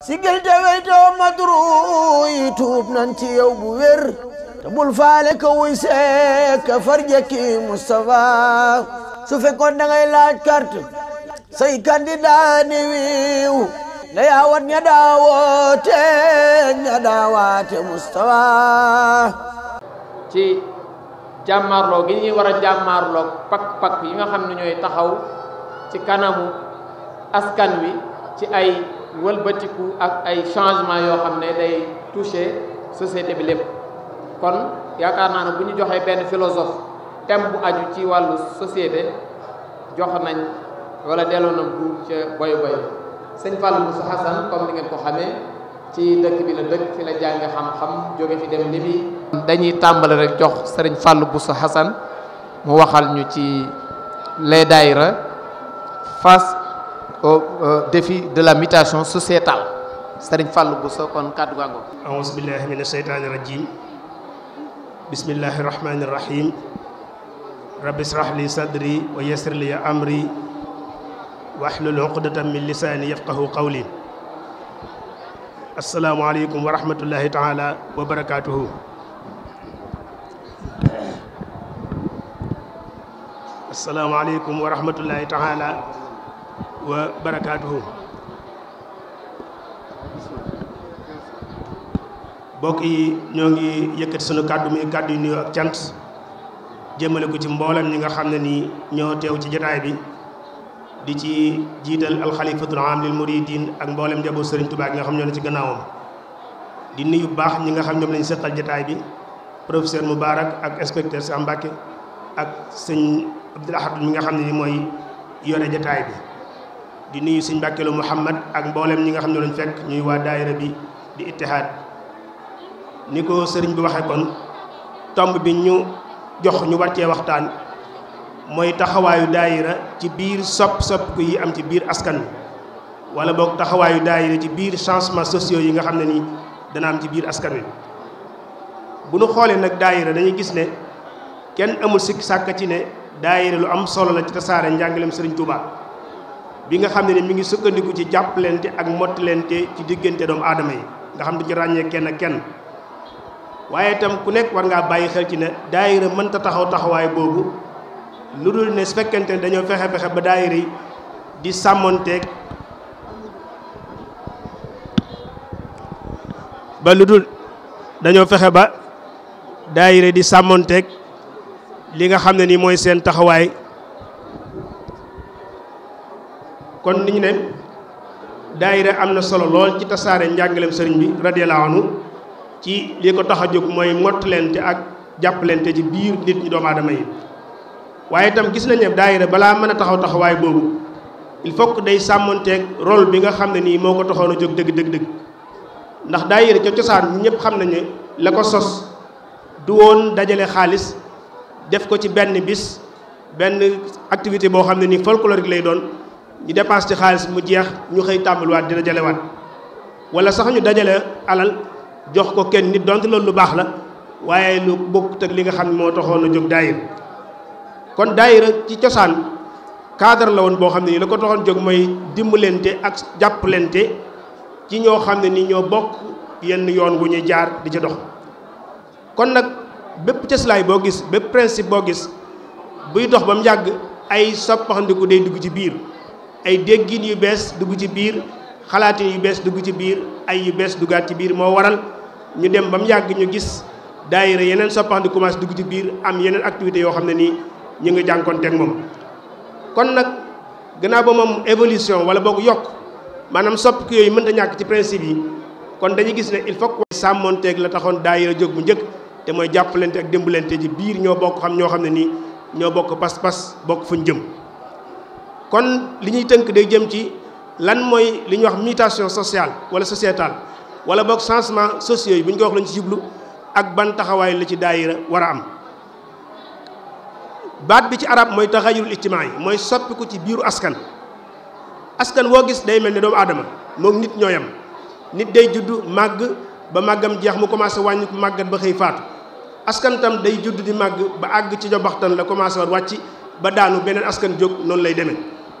sigil te weytoo madru youtube nanti nan ci yow bu wer te bul faale ka wuy seek ka farja ki su fekkoon da ngay laaj carte say candidat ni wiiw na yaawat nya daawoote ña daawaate mustafa ci jàmmaarloo gi ñuy war a pak-pak yi nga xamni ñoy taxaw ci kanamu askan wi ci ay wëlbatiku ak ay changement yo xamné day toucher société bi lépp kon yaakaar naa buñu joxé ben philosophe thème bu aju ci walu société jox nañ wala delloo na bu ca boy boy sëñ Fallou Moussa Hassan comme ni ngeen ko xamé ci dëkk bi la dëkk fi la jànge xam-xam jóge fi dem libi dañuy tàmbale rek jox sëriñ Fallou Moussa Hassan mu waxal ñu ci les daayira face au défi de la mutation sociétale sëriñ Fallou Bousso kon kàddu gàngo aouzu billahi min asheytaani rajim bismillahir rahmanir rahim rabbi israh li sadri wa yassir li amri wahlul uqdatan min lisaani yafqahu qawli asalaamaaleykum wa rahmatullahi taala wa barakaatuhu asalaamaaleykum wa rahmatullahi taala wa bokk yi ñoo ngi yëkkati sunu kàddu muy kàddu yu nuyoo ak cant jëmale ko ci mboolem ñi nga xam ne nii ñoo ci jotaay bi di ci jiital alxalifatul am lil muridin ak mboolem njaboot sëriñ Tuubaa gi nga xam ñoo ne ci gannaawam di nuyu baax ñi nga xam ñoom lañu seqal jotaay bi professeur mubarak ak inspecteur Sambake ak sëñ Abdul mi nga xam ne ni mooy yore jotaay bi di nuyu sëñ Mbàkkeelu Muhammad ak mboolem ñi nga xam ne lañ fekk ñuy waa daayira bi di ittihaad ni ko sëriñ bi waxee kon tomb bi ñu jox ñu war cee waxtaan mooy taxawaayu daayira ci biir sopp sopp ku yi am ci biir askan wala boog taxawaayu daayira ci biir changement sociaux yi nga xam ne nii dana am ci biir askan wi bu ñu xoolee nag daayira dañuy gis ne kenn amul sikk sàkk ci ne daayira lu am solo la ci tasaare njàngaleem sëriñ Touba. bi nga xam ne ni mi ngi sukkandiku ci jàppalante ak mottalante ci diggante doomu aadama yi nga xam ne ci ràññee kenn kenn waaye itam ku nekk war ngaa bàyyi xel ci ne mën mënta taxaw taxawaay boobu lu dul ne su fekkente ne dañoo fexe fexe ba daayira di sàmmonteeg ba lu dañoo fexe ba daayira di sàmmonteeg li nga xam ne ni mooy seen taxawaay kon ni ñu ne daayira am na solo lool ci tasaare njàngaleem sëriñ bi radiyallahu anhu ci li ko tax a jóg mooy mottalente ak jàppalente ci biir nit ñi doomu aadama yi waaye itam gis nañ ne daayira balaa mën a taxaw taxawaay boobu il faut day sàmmonteeg rôle bi nga xam ne nii moo ko taxoon a jóg dëgg dëgg dëgg ndax daayira ca cosaan ñi ñëpp xam nañ ne la ko sos du woon dajale xaalis def ko ci benn bis benn activité boo xam ne nii folklorique lay doon ñu dépasse ci xaaliss mu jeex ñu xëy waat dina waat wala sax ñu dajale alal jox ko kenn nit donte loolu lu bax la waye lu bokkut tak li nga xam mo taxono taxoon a kon daayira ci ciosan cadre la won bo xamni la ko taxone jog moy dimbulenté ak jappulenté ci ño xamni ni ño bokk yenn yoon wu ñu jaar di ci dox kon bepp ci slay bo gis bepp principe bo gis buy dox bam mu ay soppaxandiku day dugg ci biir ay deggine yu bes dugg ci bir xalaat yu bes dugg ci bir ay yu bes duggaat ci bir mo waral ñu dem bam yag ñu gis daayira yeneen soppandi commencé dugg ci bir am yenen activité yo xam ni ñi nga jankonté ak moom kon nak gëna ba mom évolution wala manam sop maanaam yoy mën ta ñak ci principe yi kon dañu gis ne il faut samonté ak la taxone daayira jog bu ñëk té moy jappalenté ak dembulenté ci bir ño bok xam ño xam ni ño bok pass pas-pas fuñ jëm kon li ñuy tënk day jëm ci lan mooy li ñuy wax mutation sociale wala sociétale wala boog changement sociaux yi bu ñu ko wax lañu ci jublu ak ban taxawaay la ci daayira war a am baat bi ci arab mooy taxayurul ijtimaa yi mooy soppiku ci biiru askan askan woo gis day mel ni doomu aadama moom nit ñoo yam nit day judd màgg ba màggam jeex mu commencé wàññi màggat ba xëy faatu askantam day judd di màgg ba àgg ci jobaxtan la commencé war wàcc ba daanu beneen askan jóg noonu lay demee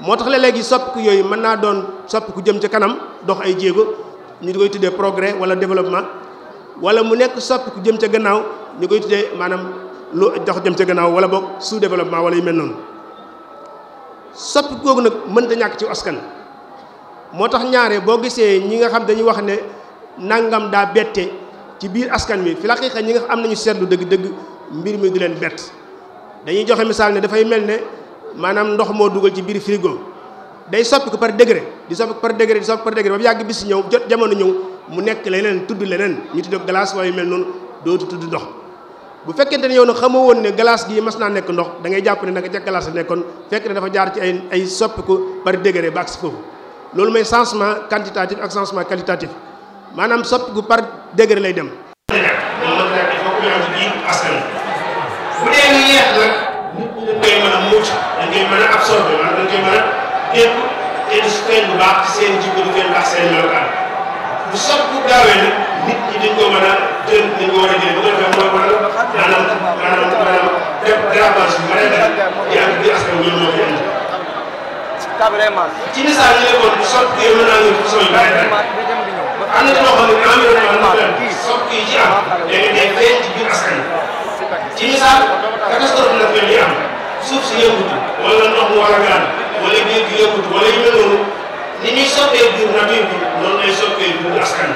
moo tax léeg-léegi soppiku yooyu mën naa doon ku jëm ca kanam dox ay jéego ñu koy tuddee progrès wala développement wala mu nekk ku jëm ca gannaaw ñu koy tuddee maanaam lu dox jëm ca gannaaw wala boog su développement wala yu mel noonu soppiku kooku nag mënta ñàkk ci askan moo tax ñaare boo gisee ñi nga xam dañu wax ne nangam daa bette ci biir askan wi fi la xëy ñi nga xam am nañu seetlu dëgg-dëgg mbir mi du leen bett dañuy joxe misaal maanaam ndox moo dugal ci biir frigo day soppi ko par degré di soppi ko par degré di soppi par degré ba mu yàgg bis ñëw jot jamono ñëw mu nekk leneen tudd leneen ñu tudd glace waaye mel noonu dootu tudd ndox bu fekkente ne yow nag xamoo woon ne glace gi mas naa nekk ndox da ngay jàpp ne naka ca glace la nekkoon fekk ne dafa jaar ci ay ay soppiku par degré ba agsi foofu loolu mooy changement quantitatif ak changement qualitatif maanaam soppiku par degré lay dem. mucc dañ koy mën a absorbé maanaam dañ koy mën a dégg te du feeñ bu baax ci seen jikko du feeñ baax seen melokaan bu soog bu gaawee nag nit ñi dañ ko mën a jël dañ ko war a jël bu ko defee mooy maanaam maanaam maanaam def dérapage bi mën a def di ànd bi askan wi ñoom ñoo fi indi. ci misaal ñu ne kon bu soog kii mën naa ñëw sooy bàyyi rek am na ñoo xam ne environnement bi soog kii ci am da ngay day feeñ ci biir askan ci misaal catastrophe naturelle yi am. suuf si yëngutu wala ndox mu war a gaan wala géej gi yëngutu wala yu mel noonu ni ñuy soppee biir nature bi noonu lay soppee biir askan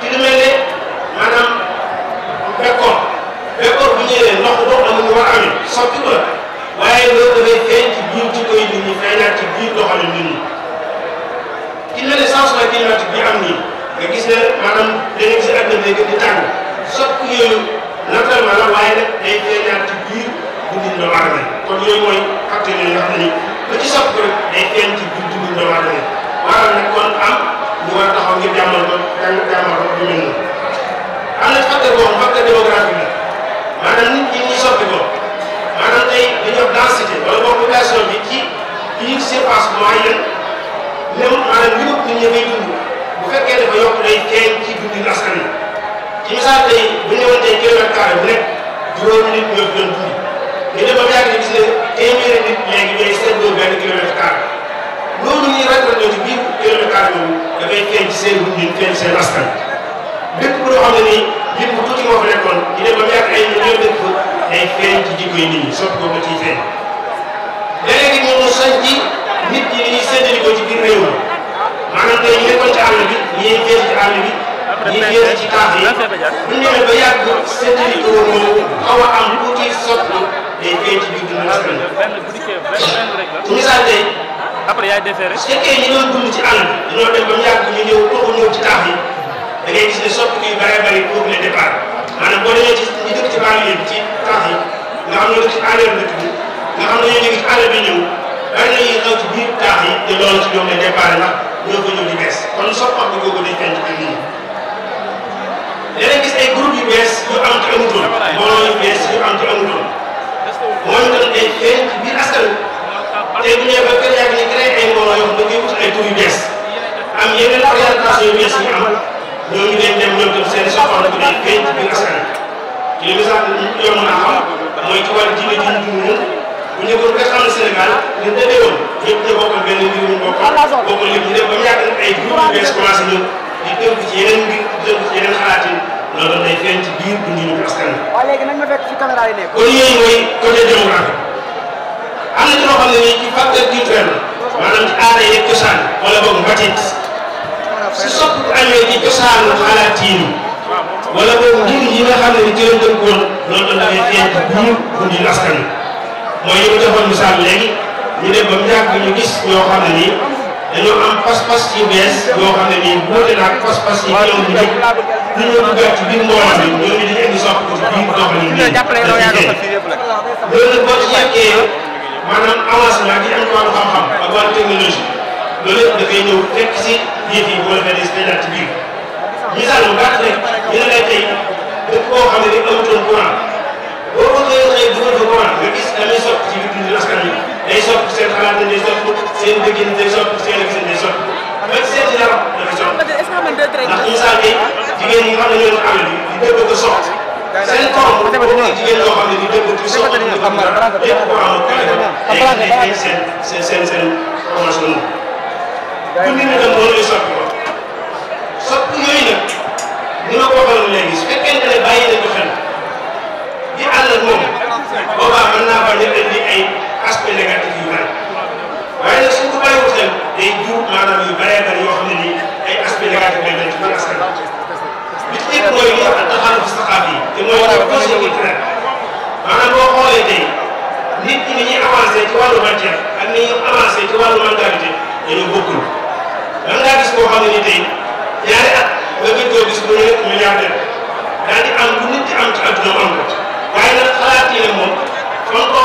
ci lu mel ne maanaam bekkoor bekkoor bu ñëwee ci biir taax yi te loolu ci ñoom la départ na ñoo ko ñëw di am te amutoon mbooloo yu bees yu kër seen soppam la ko day feeñ ci biir askan te li misaal yomb naa xam mooy ci wàllu jiw yi ñu dund bu Sénégal li mu demee woon ñëpp ñu bokkal benn mbir ñu bokkal bokkal lépp ñu def ba mu yàgg nag ay groupe yu bees commencé ñëw di tënk ci yeneen mbir di tënk ci yeneen xalaatin loolu day feeñ ci biir dundu ñu askan wi. waaw léegi nañ ma fekk ci caméra yi nekk. kon yooyu mooy côté démographie am na ci loo xam ne nii ci facteur culturel la maanaam ci aada yeeg cosaan wala boog mbatit su sopp amee ci cosaanu xalaat yi wala boog mbir yi nga xam ne ni ci lañ dëkkoon loolu dafay feeñ ci biir dundu askan wi mooy li ma joxoon misaal léegi. ñu dem ba mu yàgg ñu gis ñoo xam ne nii dañoo am pas-pas yu bees yoo xam ne nii boole naag pas-pas yi ñëw di njëkk ñu ñëw duggaat ci biir mbooloo bi ñoo ñu dañu indi soppi ko ci biir doxalin bi loolu boo ci yàggee maanaam avancement di am wàllu xam-xam ak wàllu technologie loolu yëpp dafay ñëw fekk si yëf yi boo defee des day daal ci biir misaal bu baax rek ñu ne la tey dëkk boo xam ne ni amutoon courant boo ko xëyee xëy dugal ko courant nga gis da ngay soppi ci biir dund askan wi day soppi seen xalaat day soppi seen dëggin day soppi seen gisin day soppi même seen yaram dafa soppi ndax instant bi jigéen ñi nga xam ne ñoo am di dëgg ko soxla seen korom boo jigéen ñoo xam ne di dëgg di soxla di dëgg lépp ko am ay seen seen seen seen formation moom. dundin bi tam noonu lay soppi ko soppi yooyu nag ni ma ko waxaloon léegi su fekkente ne bàyyi nañ ko xel. ànd ak moom boobaa mën naa fa nekk ni ay aspect négatif yu bari waaye nag suñ ko bàyyiwul xel day jur maanaam yu bëree bëri yoo xam ne nii ay aspect négatif lay mel ci biir askan bi ci ëpp mooy li ak taxalu saxaab yi te mooy dafa posé culturel maanaam boo xoolee tey nit ñi ni ñuy avancé ci wàllu matière ak ni ñuy avancé ci wàllu mentalité dañoo bokkul man ngaa gis koo xam ne ni tey ñaari at nga gis koo gis bu nekk milliardaire daal di am bu nit di am ci àdduna am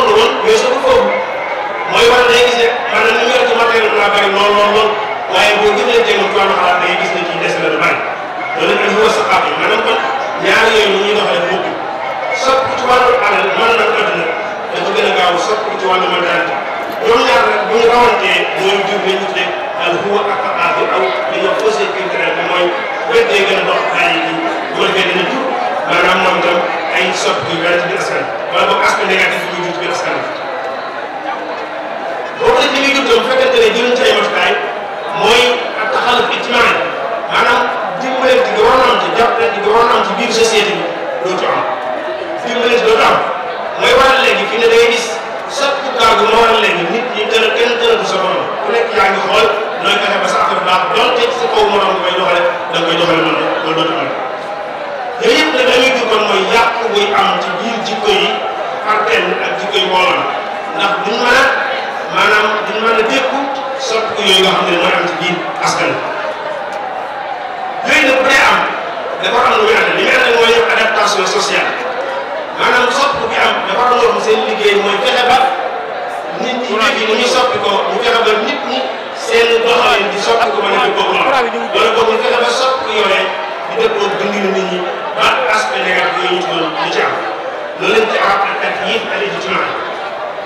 toll woon yooyu suñu foofu mooy war a day gis rek man na ñu yor ci matériel bi daa bëri lool lool lool waaye boo jëlee jéem a toolu xalaat day gis ne ci des la lu bëri loolu dañ ko war sa xaatu maanaam kon ñaari yooyu ñu ñuy doxalee bokkul soppi ci wàllu alal mën na àdduna dafa gën a gaaw soppi ci wàllu mentalité ñoom ñaar nag bu ñu rawantee mooy jur li ñu tuddee al huwa ak aar bi aw li ñu faussé culturel bi mooy wet day gën a dox ay yi bu ko defee dina jur maanaam moom itam ay soppi yu bëri ci biir askan wala boog aspect négatif ci biir askan wi boobu nag li muy jublu ne jëluñ ci ay matukaay mooy ak taxaluf ijtimaay maanaam dimbalante gi waroon am waroon am ci biir société bi doo ci am dimbalante doo am mooy waral léegi fi ne day gis soppi kàggu moo waral léegi koy doxale da nga koy doxale noonu loolu dootu am yooyu yëpp nag la muy jur kon mooy yàqu buy am ci biir jikko yi xarteen ak jikko yu mbooloo ndax duñ mën a maanaam duñ mën yooyu nga ne mooy am ci biir askan yooyu nag bu dee am dafa am lu muy ànd li muy ànd mooy adaptation sociale maanaam soppiku bi am dafa am seen liggéey mooy fexe ba nit ñi nit ñi ñu soppi ko ba nit ñi seen doxalin di soppi ko ba nit ñi bokk loolu boobu ñu fexe ba soppi yooyee di dëppoo dundinu nit ñi ba aspect négatif yooyu ñu ci doon di ci loolu lañ ci arab ak ak yëpp ay ijtimaa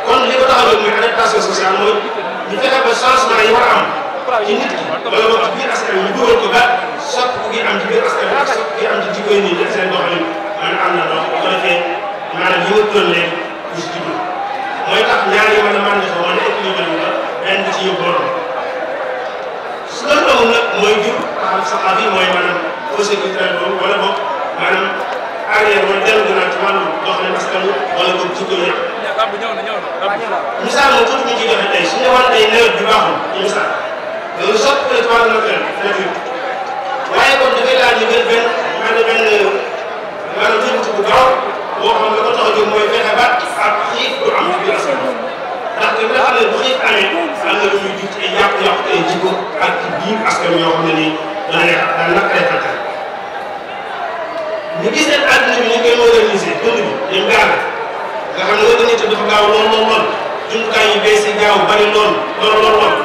kon li ko tax a jóg mooy adaptation sociale mooy ñu fexe ba changement yi war a am ci nit ki wala boog ci biir askan wi ñu dugal ko ba soppi ku am ci biir askan wi ak soppi ku am ci jikko yi nii seen doxalin man am na lool bu ko defee maanaam yi nga doon léegi du si jublu mooy tax ñaari yoo xam ne maanaam dafa mën a équilibré wu la benn ci yóbbu loolu su loolu amul nag mooy jur taxaw saxaar yi mooy maanaam procédure culturelle boobu wala boog maanaam. arrière man dellu naa ci wàllu doxalin askan wala boog jikko yi. misaal la tuuti ñu ciy joxe tey su ñu waxoon tey nawet bi baaxul ci misaal loolu sotti la ci wàllu naturel nature waaye kon dafay laaj ñu jël benn maanaam benn maanaam jënd bu gaaw boo xam ne ko tax a jóg mooy fexe ba ak xiif du am ci biir askan ndax te bu la xam ne bu xiif amee am na lu muy jur ci ay yàqu-yàqu ay jikko ak biir askan yoo xam ne nii dana nekk daan naka lay tàntaan ñu gis leen àdduna bi ñu koy organiser dund bi ñu gaaw nga xam ne organiser dafa gaaw lool lool lool jumtukaay yu gaaw bari lool lool lool lool.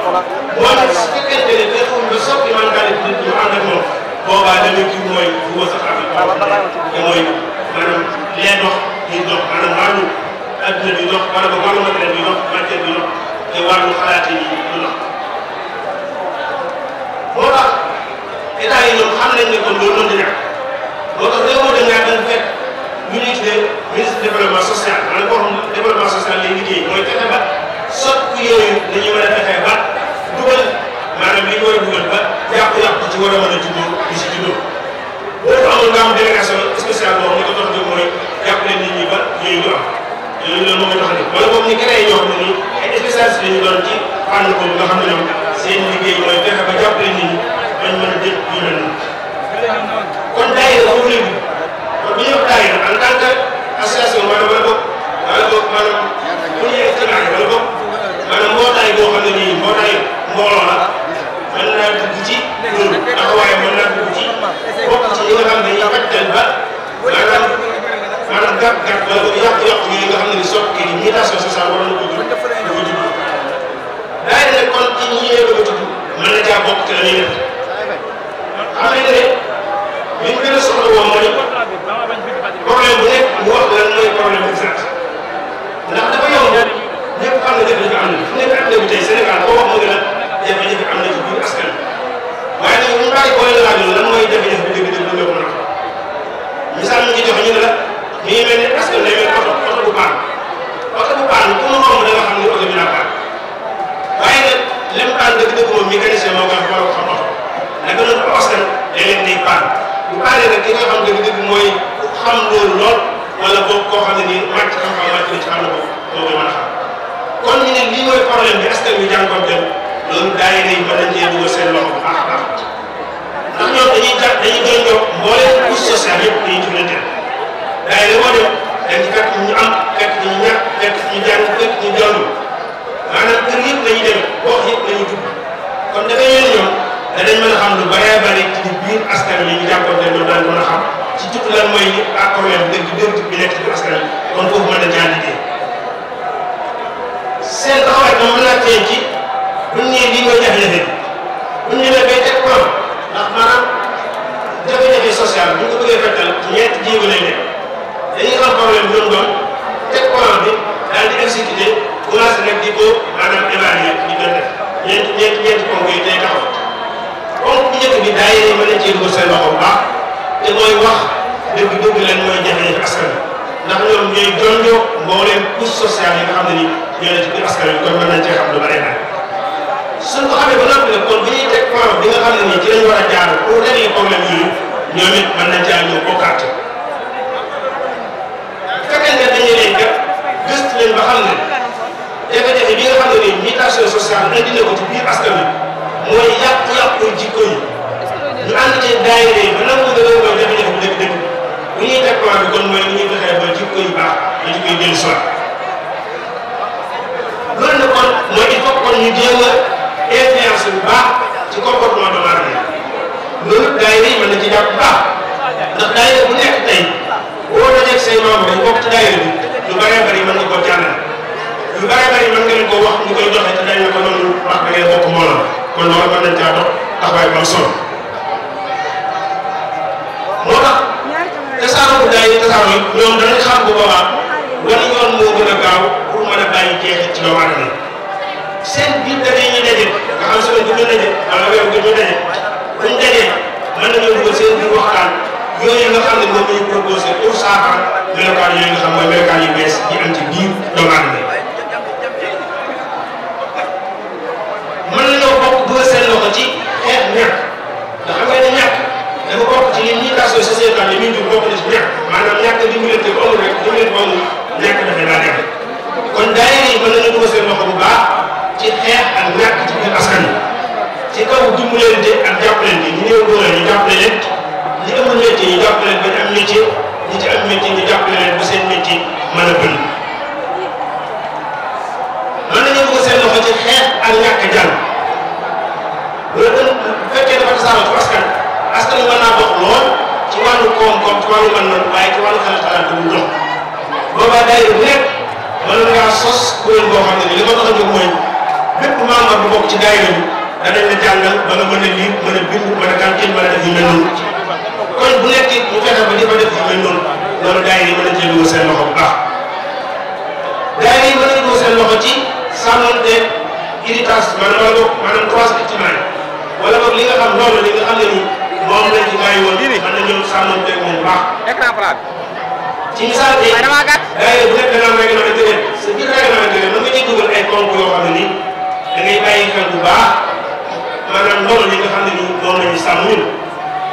moo tax su fekkente ne dafa nga soppi mankaane bi ñu ànd lee dox ñuy dox maanaam wàllu àdduna dox wala ba wàllu matériel bi dox matière dox te wàllu xalaat yi du dox moo tax état yi xam nañ ne kon loolu noonu di nekk. moo réew da ngaa doon fekk ñu ngi social liggéey mooy fexe ba soppi yooyu dañuy mën a fexe Amen. ngay jonjoo mbooleem couche sociale yi nga xam ne nii ñoo ne ci biir askan wi kon mën nañ cee xam lu bari nag suñ ko xamee ba noppi nag kon bi ñuy teg point bi nga xam ne nii ci lañ war a jaar pour régler problème yooyu ñoom it mën nañ caa ñëw bokkaat fekkee ne dañuy leen kat gëstu leen ba xam ne jafe-jafe bi nga xam ne nii mutation sociale indi na ko ci biir askan wi mooy yàqu-yàqu jikko yi ñu ànd ci daayira yi ba nangu li ñuy teg plan bi kon mooy li ñuy fexee ba jikko yu baax da ci koy jël soi loolu nag kon mooy il faut kon ñu jéem a influence bu baax ci comportement de maré loolu daayira yi mën na ci jàpp baax ndax daayira bu nekk tey woo dajeeg say membre dañ bokk ci bi lu bëree bëri mën nga koo jàllale lu bëree bëri mën nga leen wax ñu koy joxe te dañ ko noonu wax da ngay bokk mbooloo kon loolu mën nañ caa dox taxawaay bu am solo tasaaroo bu daay tasaaroo yi ñoom danañ xam bu boobaa wan yoon moo gën a gaaw pour mën a bàyyi jeexit ci doomu aadama seen biir dajee ñu daje nga xam semaine bu ñu daje wala weer bu ñu daje buñ dajee mën nañoo dugal seen biir waxtaan yooyu nga xam ne moom la ñu proposé pour saafara melokaan yooyu nga xam mooy melokaan yu bees yi am ci biir doomu aadama mën nañoo bokk dugal seen loxo ci xeet ñàkk nga xam ne ñàkk dafa bokk ci li ñuy tasoo sociétal yi muy jur bokk maanaam ñàkk a dimbalante bu amul rek dimbalante bu amul ñàkk dafay i nekk kon daayira yi mën nañu dugal seen loxo bu baax ci xeex ak ñàkk ci biir askan wi ci kaw dimbalante ak jàppalante ñu néew doole ñu jàppale leen ñi amul métier ñu jàppale leen ba ñu am métier ñi ci am métier ñu jàppale leen ba seen métier mën a bëri koom-koom ci wàllu mën-mën waaye ci wàllu xalaat xalaat bu jox boobaa daayira bu nekk ngaa sos kuréel boo xam ne a jóg mooy bépp membre bu bokk ci daayira bi danañ la jàngal ba nga mën a lire a bind mën a kantin mën a def mu fexe ba di fa def yu mel noonu loolu daayira yi mën nañ seen loxo bu baax daayira yi mën seen loxo ci sàmmante unitas maanaam wala boog maanaam trois bâtiment wala boog li nga xam loolu li nga xam ne nii moom lañ ci bàyyi woon. man dañoo sàmmante moom baax. écran plat bi. ci misaal bi waaye damaa gàtt. bu nekk da ngaa mën a gën sa biir da ngaa mën a gën mën nga ci dugal ay ponk yoo xam ne nii da ngay bàyyi xel bu baax maanaam loolu li nga xam ne nii moom la ñu sàmm ñun.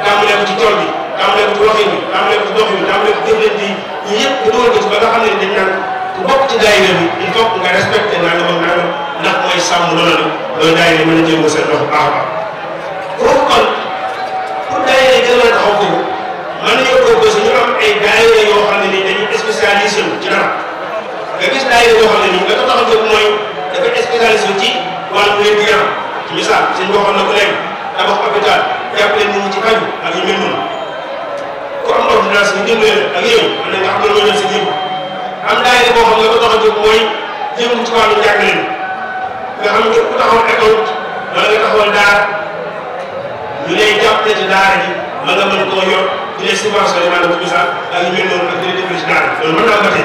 tàmbalee ko ci tool bi tàmbalee ko ci waxin bi tàmbalee ko ci doxin bi tàmbalee ko ci jëflante yi ñun yëpp nga dugal ko ci ba nga xam ne dañ naan ku bokk ci daayira bi il faut nga respecté nangam ak nangam ndax mooy sàmm loolu la loolu daayira mën a jéem a seen loxo baax a baax foofu kon gën a taxaw ko mën nañoo proposé ñu am ay daayira yoo xam ne ni dañuy spécialisé wu ci dara nga gis daayira yoo xam ne nii la ko tax a jóg mooy dafa spécialisé wu ci wàllu wér gu yaram ci misaal suñ waxoon na ko léegi tabax hôpital jàppale nit ñi ci faju ak yu mel noonu ku am ordonnance ñu dimbale la ak yooyu mën na nga xam ne loolu si yëpp am daayira boo xam ne la ko tax a jóg mooy jëm ci wàllu njàngale nga xam ne ku taxawal école wala nga taxawal daara ñu lay jàppale ci daara ji la nga mën koo yor bu dee subvention yi maanaam bu misaal ak yu mel noonu ak li defee ci daara loolu mën na xam ne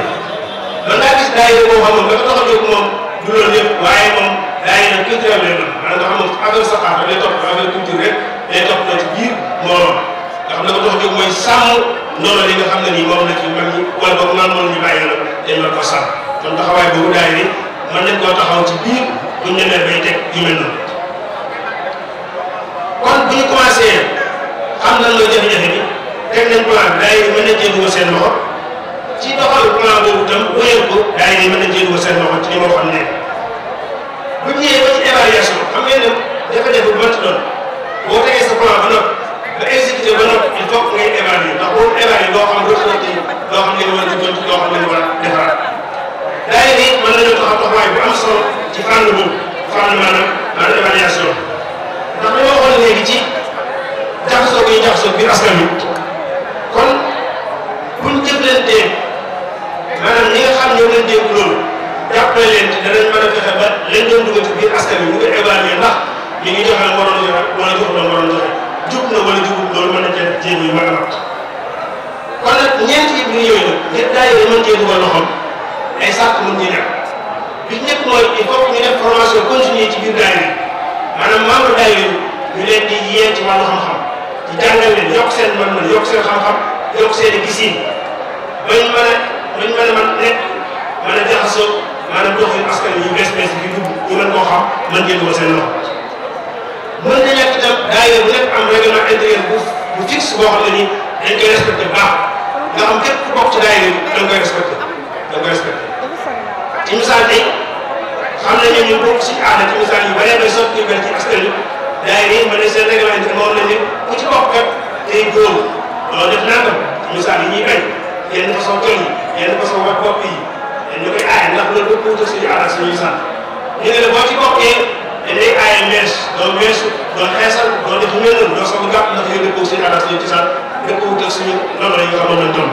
ko tax jóg mooy sàmm noonu li nga xam ne nii moom la ci mag ñi wala boog naan moom ñu bàyyi la dañ war ko sàmm kon taxawaay boobu daayira mën nañ koo taxaw ci biir bu ñu demee bay teg yu mel kon bu ñu commencé nañ plan bi daayira mën na jéego seen loxo ci doxal plan boobu itam wéyal ko daayira mën na jéego seen loxo ci li ma xam ne bu ñu ñëwee ba ci évaluation xam ngeen ne jafe-jafe bu mënti doon boo tegee sa plan ba noppi ba exécuté ba noppi il faut que ngay évaluer ndax boobu évaluer doo xam doo ci doo xam ngeen war a jubbanti doo xam ngeen war a defaraat daayira yi mën nañoo taxaw taxawaay bu am solo ci fànn boobu fànn maanaam maanaam évaluation ndax li ma waxoon léegi ci jaxasoo gi jaxasoo biir askan wi jëflantee maanaam ñi nga xam ñoo leen dégg loolu jàppale leen te danañ mën a fexe ba leen doon dugal ci biir ngi joxe waroon joxe wala joxul doon waroon joxe jub na wala jubul loolu mën a mat kon nag bi yooyu nag bi ñëpp mooy il faut ñu def formation continue ci leen di yee ci wàllu xam-xam di jàngal leen yokk seen mën-mën yokk seen xam-xam yokk seen i gisin bañ mën a bañ mën a mën nekk mën a jaxasoo maanaam doxalin askan wi yu bees bees yi dugg ñu mën koo xam mën ngeen ko seen loxo mën na ñàkk itam daayira bu nekk am règlement intérieur bu bu fixe boo xam ne nii dañ koy respecté baax nga xam képp ku bokk ci daayira bi da nga koy respecté da nga koy respecté ci misaal tey xam nañu ñu bokk ci aada ci misaal yu bëree bay sotti ber ci askan wi daayira yi mën na seen règlement intérieur moom la ñu ku ci bokk kat tey góor loolu def naa ko ci misaal yi ñuy bañ yéen ko sama bokk yi yéen ñu koy aaye ndax loolu dafa wuute suñu aada suñuy sant ñu ne la boo ci bokkee dañ lay aaye mees doo meesu doo xeesal doo def mel noonu doo sama gàpp ndax yooyu dëppoo suñu aada suñu cosaan dëppoo wuute suñu loolu la ñu xam moom lañ doon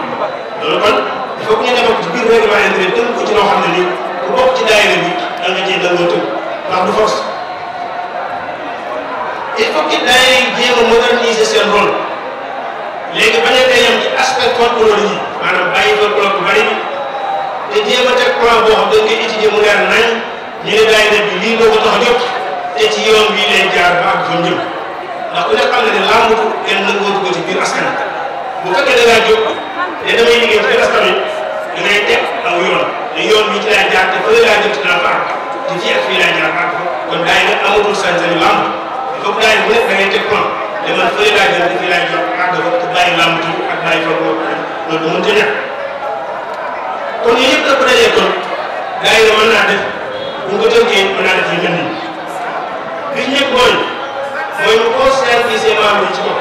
loolu kon il faut que ñu demal ci biir règlement intérieur tënk ko ci loo xam ne nii ku bokk ci daayira bi da nga cee dangoo tënk ndax du force il faut que daayira yi jéem a moderniser seen rôle léegi bañ a tey yam ci aspect contrôle yi maanaam a teg plan boo xam dañ koy étudier mu bi lii moo ko tax a jóg te ci yoon bii lay ak fuñ jëm ndax ko ci biir ak fii laa ko te bàyyi ak bàyyi fa boobu loolu mënut a ñàkk kon yooyu yëpp dafa dajee kon gars yi mën naa def bu ñu ko tënkee mën naa def yu mel nii bi ñëpp mooy mooy ñu conscientiser membres yi ci bopp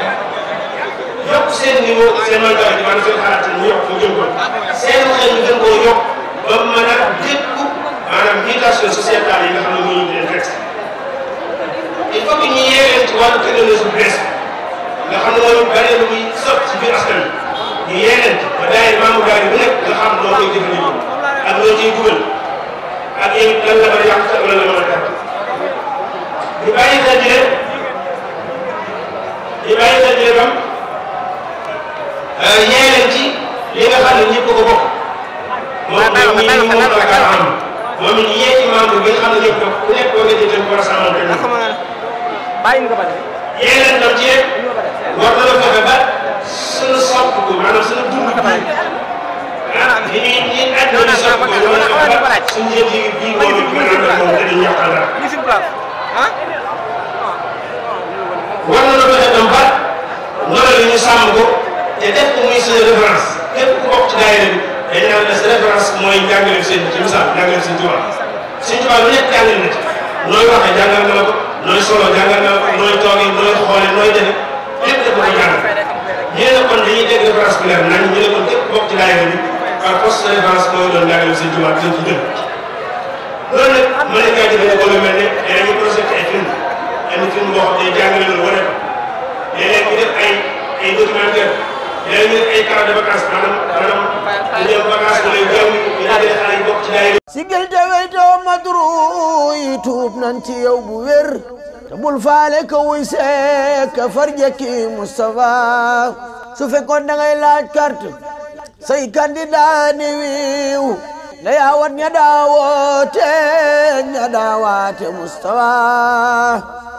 yokk seen niveau seen mandat bi maanaam seen xalaat ñu yokk mu jëm ko seen xel ñu gën koo yokk ba mën a dékku maanaam mutation sociétale yi nga xam ne moo ñu leen fekk il faut que ñu yeewee ci wàllu technologie bu bees nga xam ne mooy bare lu muy sot ci biir askan wi ñu yéeneen ba daayira maamu daayira bu nekk nga xam loo koy jëfandikoo ak loo ciy dugal ak yéen lan la mën a yàq sa wala la mën a gàtt ñu bàyyi sa jëlee ñu bàyyi sa jëlee bam yéeneen ci li nga xam ne ñëpp ko bokk moom moom ñii moom la ko am moom it yéen ci membre bi nga xam ne ñëpp ku nekk boo ko jëlee war a sàmmante ne. yéeneen loolu suñu dund dafa laaj. maanaam li ñuy li ñuy ànd ak suñu bopp loolu dafa laaj. suñu yëf yi bii moom it mën na moom dañuy yàq dara. war na la fexe dem ba loolu ñu sàmm ko te def ko muy sa référence képp ku bokk ci daayira bi dañu naan la sa référence mooy jàngale seen ci misaal jàngale seen tubaab seen tubaab bi ñëpp jàngale na ci nooy waxee jàngal na la ko nooy solo jàngal na la ko nooy toogee nooy xoolee nooy defe lépp dafa ko jàngal ñu ne kon dañuy dégg référence bu leer nañ ñu ne ko lu mel ne danañu projeté ay film am film boo xam ne jàngale loolu wane ko léeg-léeg ñu def ay ay documentaire léeg-léeg ñu def ay camp de vacances maanaam maanaam ñu dem vacances wala bu wér te bul faale ka wuy see ka farje ki Moustapha su fekkoon da ngay laaj carte say candidat ni yaa wat ña daawoote ña daawaate Moustapha